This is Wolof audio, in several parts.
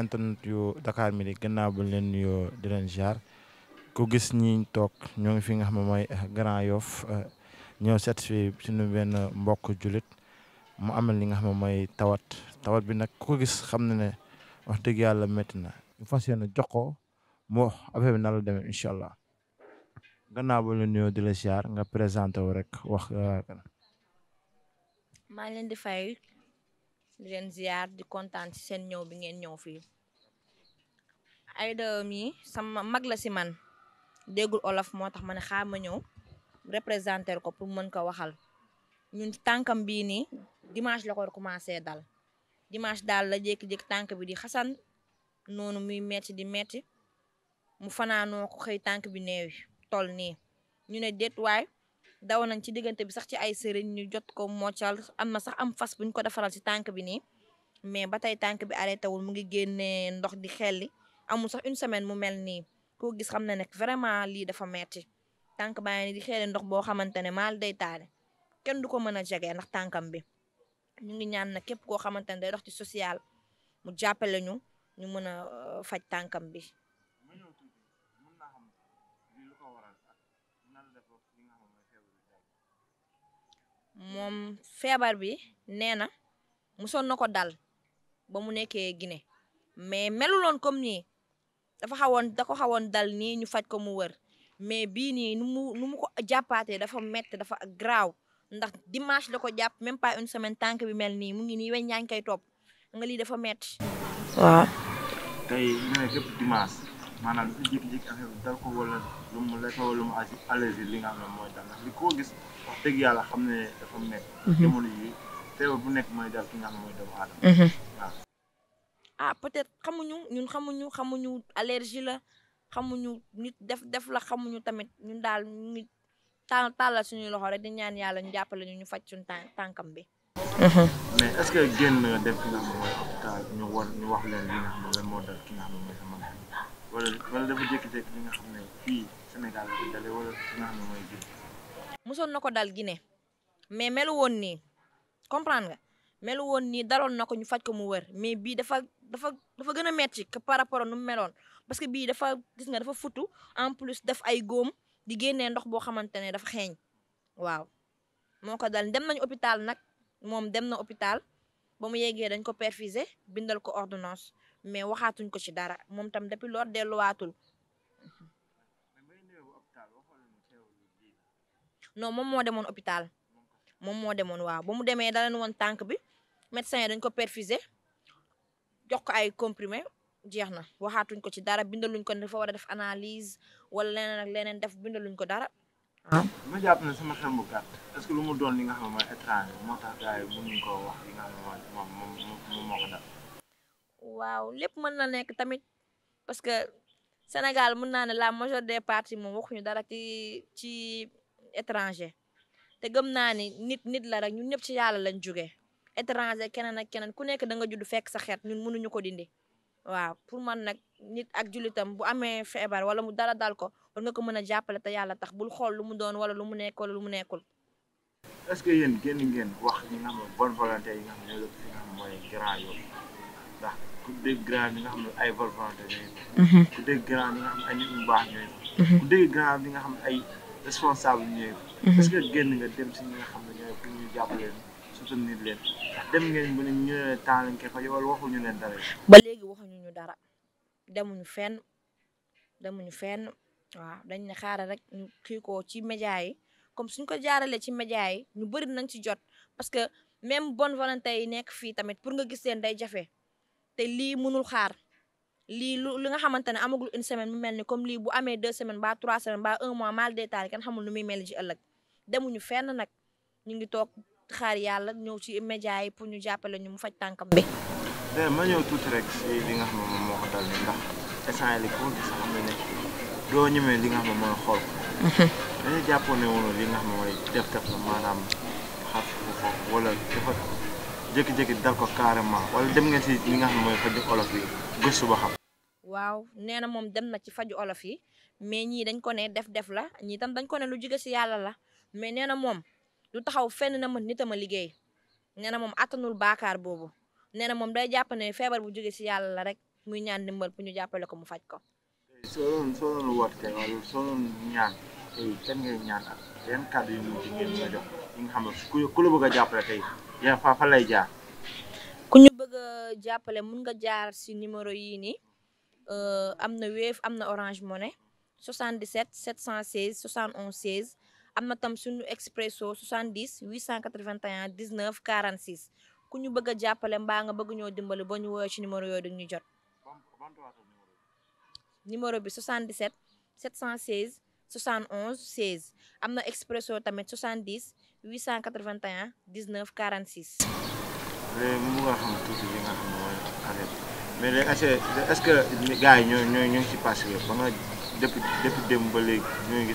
internet yu Dakar Midi gannaaw bañ leen nuyoo di leen ziar ku gis ñi toog ñoo ngi fi nga xam ne mooy eh, Grand yoof eh, ñoo seet fi suñu benn mbokk julit mu amal li nga xam ne mooy tawat tawat bi nag ku ko gis xam na ne wax dëgg yàlla métti na ñu fas yéene jox ko mu wax affaire bi na la demee allah gannaaw bañ leen nuyoo di la ziar nga présenté wo rek wax. Eh, maa leen di di leen ziar di kontaan ci seen ñëw bi ngeen ñëw fii Aida mi sama mag la si man déggul olof moo tax ma ne xaar ma ñëw représenter ko pour mën ko waxal ñun tànkam bii nii dimanche la ko commencé dal dimanche daal la jékki-jékki tànk bi di xasan noonu muy metti di metti mu fanaanoo ko xëy tànk bi néew yi toll nii ñu ne déet waay daw nañ ci diggante bi sax ci ay sëriñ ñu jot ko moccal am na sax am fas buñ ko defaral ci tànk bi nii mais ba tey tànk bi arrêté wul mu ngi génnee ndox di xelli amul sax une semaine mu mel nii koo gis xam na nekk vraiment lii dafa metti tànk baa ngi di xeeli ndox boo xamante ne maal day taale kenn du ko mën a jege ndax tànkam bi ñu ngi ñaan na képp koo xamante ne day dox ci social mu jàppale ñu ñu mën a euh, faj tànkam bi moom feebar bi nee na musoon na ko dal ba mu nekkee gine mais meluloon comme nii dafa xawoon da ko xawoon dal nii ñu faj ko mu wër mais bii nii nu mu nu mu ko jàppaatee dafa métti dafa graaw ndax dimanche la ko jàpp même pas une semaine tànk bi mel nii mu ngi nii weñ ñaa ngi koy topp nga lii dafa métti. waaw. tey ñu ne dimanche. maanaam li fi jékki-jékki affaire dal ko wala lu mu lekk wala lu mu allergie li nga xam ne mooy dal ndax li koo gis wax dëgg yàlla xam ne dafa nekk. Mhm. jamono yi teewul bu nekk mooy dal ki nga xam ne mooy doomu aadama. Mhm. waaw. ah peut-être xamuñu ñun xamuñu xamuñu allergie la xamuñu nit def def la xamuñu tamit ñun daal ñu ngi tàll tàllal suñuy loxo rek di ñaan yàlla ñu jàppale ñu ñu faj suñu tànkam bi. Mhm. mais est-ce que génn dem ki nga xam ne mooy hôpital ñu war ñu wax leen li nga xam ne moo dal ki nga xam ne mooy wala dafa na ko dal Guinée mais melu woon nii comprendre nga woon nii daloon na ko ñu faj ko mu wër mais bii dafa dafa dafa gën a metti par rapport nu mu meloon parce que bii dafa gis nga dafa futu en plus def ay góom di génnee ndox boo xamante ne dafa xeeñ waaw moo ko dal dem nañu hôpital nag moom dem na hôpital ba mu yeggee dañ ko perfusé bindal ko ordonnance mais waxaatuñ ko ci dara moom tam depuis loolu delluwaatul. non moom moo demoon hôpital moom moo demoon waaw ba mu demee da leen woon tànk bi médecin yi dañ ko perfusé jox ko ay comprimé jeex na waxaatuñ ko ci dara bindaluñ ko dafa war a def analyse wala leneen ak leneen def bindaluñ ko dara. ah. waaw lépp mën na nekk tamit parce que Sénégal mën naa ne la majorité des partis moom waxuñu dara ci ci étranger te gëm naa ni nit nit la rek ñun ñëpp ci yàlla lañ jóge étranger keneen ak keneen ku nekk da nga judd fekk sa xeet ñun mënuñu ko dindi waaw pour man nag nit ak jullitam bu amee feebar wala mu dara dal ko war nga ko mën a jàppale te yàlla tax bul xool lu mu doon wala lu mu nekk wala lu mu nekkul. est que yéen génn ngeen wax ñi nga xam ne ku dégg grand bi dem ngeen ba ne ñu ne temps lañ koy waxuñu leen dara ba léegi waxuñu ñu dara demuñu fenn demuñu fenn waaw dañ ne xaaral rek kii ko ci média yi comme suñ ko jaaralee ci média yi ñu bëri nañ ci jot parce que même bon volonté yi nekk fii tamit pour nga gis leen day jafe te lii mënul xaar lii lu li nga xamante ne amagul une semaine mu ni comme lii bu amee deux semaines ba trois semaines ba un mois mal détaillé kenn xamul nu muy mel ci ëllëg demuñu fenn nag ñu ngi toog xaar yàlla ñëw ci média yi pour ñu jàppale ñu mu faj tànkam bi. ma ñëw tuuti rek si li nga xam moom xam ne doo ñemee li nga xam mooy xool. dañuy jàppoon ne woon li nga xam mooy def def maanaam xar foofu wala dafa. jékki-jékki dal ko carrément wala dem nga si li nga xam ne mooy olof yi gëstu ba xam. waaw nee na moom dem na ci faju olof yi mais ñii dañ ko ne def-def la ñii tam dañ ko ne lu jóge si yàlla la mais nee na moom du taxaw fenn na ma nit a liggéey nee na moom attanul baakaar boobu nee na moom day jàpp feebar bu jóge si yàlla la rek muy ñaan ndimbal pour ñu jàppale ko mu faj ko. soo doon soo doon woote tey wala ñaan tey kenn ñaan ak yan kàddu yu mujj ngeen ma jox xam ku la bëgg a jàppale tey yaa fa jaar. ku ñu bëgg jàppale mun nga jaar si numéro yii nii euh, am na Wave am na Orange Money 77 716 71 16 am na tam suñu Expresso 70 881 19 46 ku ñu bëgg jàppale mbaa nga bëgg ñoo dimbali ba ñu woowee ci numéro yooyu du ñu jot. numéro bi 77 716. 71 16 am na expresso tamit 70 881 19 46. léegi mu nga xam tuuti li nga mais léegi que gars nga depuis depuis démb mhm. que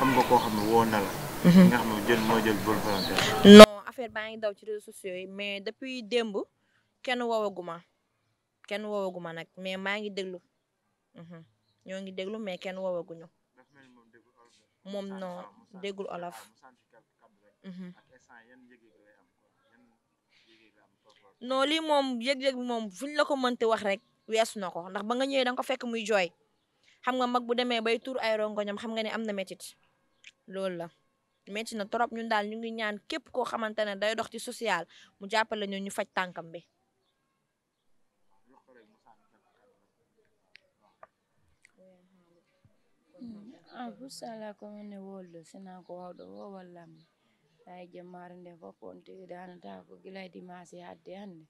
am nga xam ne woo na la. Mhm. nga xam ne affaire baa ngi daw ci réseaux sociaux yi mais depuis démb kenn woowaguma kenn woowaguma nag mais maa ngi déglu. Mhm. ñoo ngi déglu mais kenn woowaguñu moom non déglu olof mhm. non lii moom yëg-yëg bi moom fuñ la ko mënti wax rek weesu na ko ndax ba nga ñëwee da nga fekk muy jooy xam nga mag bu demee bay tuur ay rongoñam xam nga ne am na metit loolu la métti na torop ñu daal ñu ngi ñaan képp koo xamante ne day dox ci social mu jàppale ñu ñu faj tànkam bi futsala ah, komine wolɗo sina ko wawɗo wo wallami tawi jemmare nde fof on tigi danata ko guilay dimasi hadde hande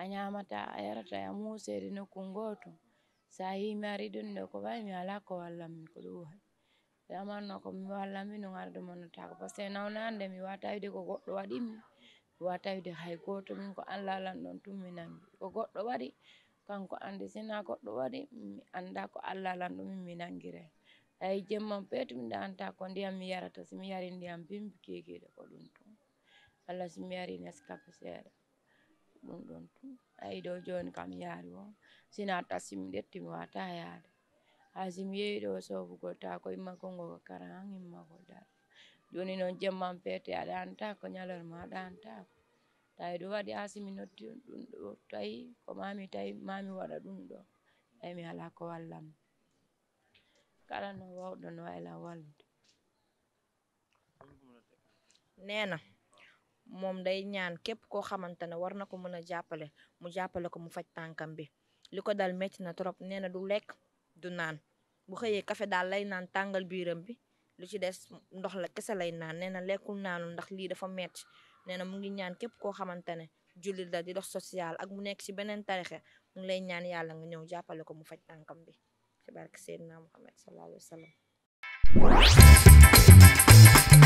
a ñamata a yarata a musede nokku goto sa ari ɗum ɗo ko ɓay mi ala ko wallanmi ɗum waɗi yamanno komi wallanmi no arde monnotako par ce ko goɗɗo waɗimi mi watawide hay goto min ko allah alan ɗon mi anda ay jemma peetum ndanta ko ndiyam mi yarata simi yari ndiyam bimbi kekeɗe ko ɗum tun allah simi yari neskape seeɗa ɗum ɗon tun ayi ɗo kam yaari o sina tassimi ɗetti mi wata yaade ha simi yehi ɗo sofugol ta ko immagongo ko kara han immagol dar joni noon jemman peete aɗanta ko ñalorma aɗanta ko tawi ɗum waɗi ha notti ɗum ɗo tawi ko mami tawi mami waɗa ɗum ɗo tawi mi ala wallam kalano wawɗono wayla wallude na moom day ñaan képp koo xamante ne war na ko mën a jàppale mu jàppale ko mu faj tànkam bi li ko dal métti na trop nee na du lekk du naan bu xëyee kafe daal lay naan tàngal biiram bi lu ci des ndox la kese lay naan nee na lekkul naanul ndax lii dafa metti nee na mu ngi ñaan képp koo xamante ne jullit la di dox social ak mu nekk ci beneen tarixe mu ngi lay ñaan yàlla nga ñëw jàppale ko mu faj tànkam bi barke Seydina Muhammad sallallahu alayhi wa sallam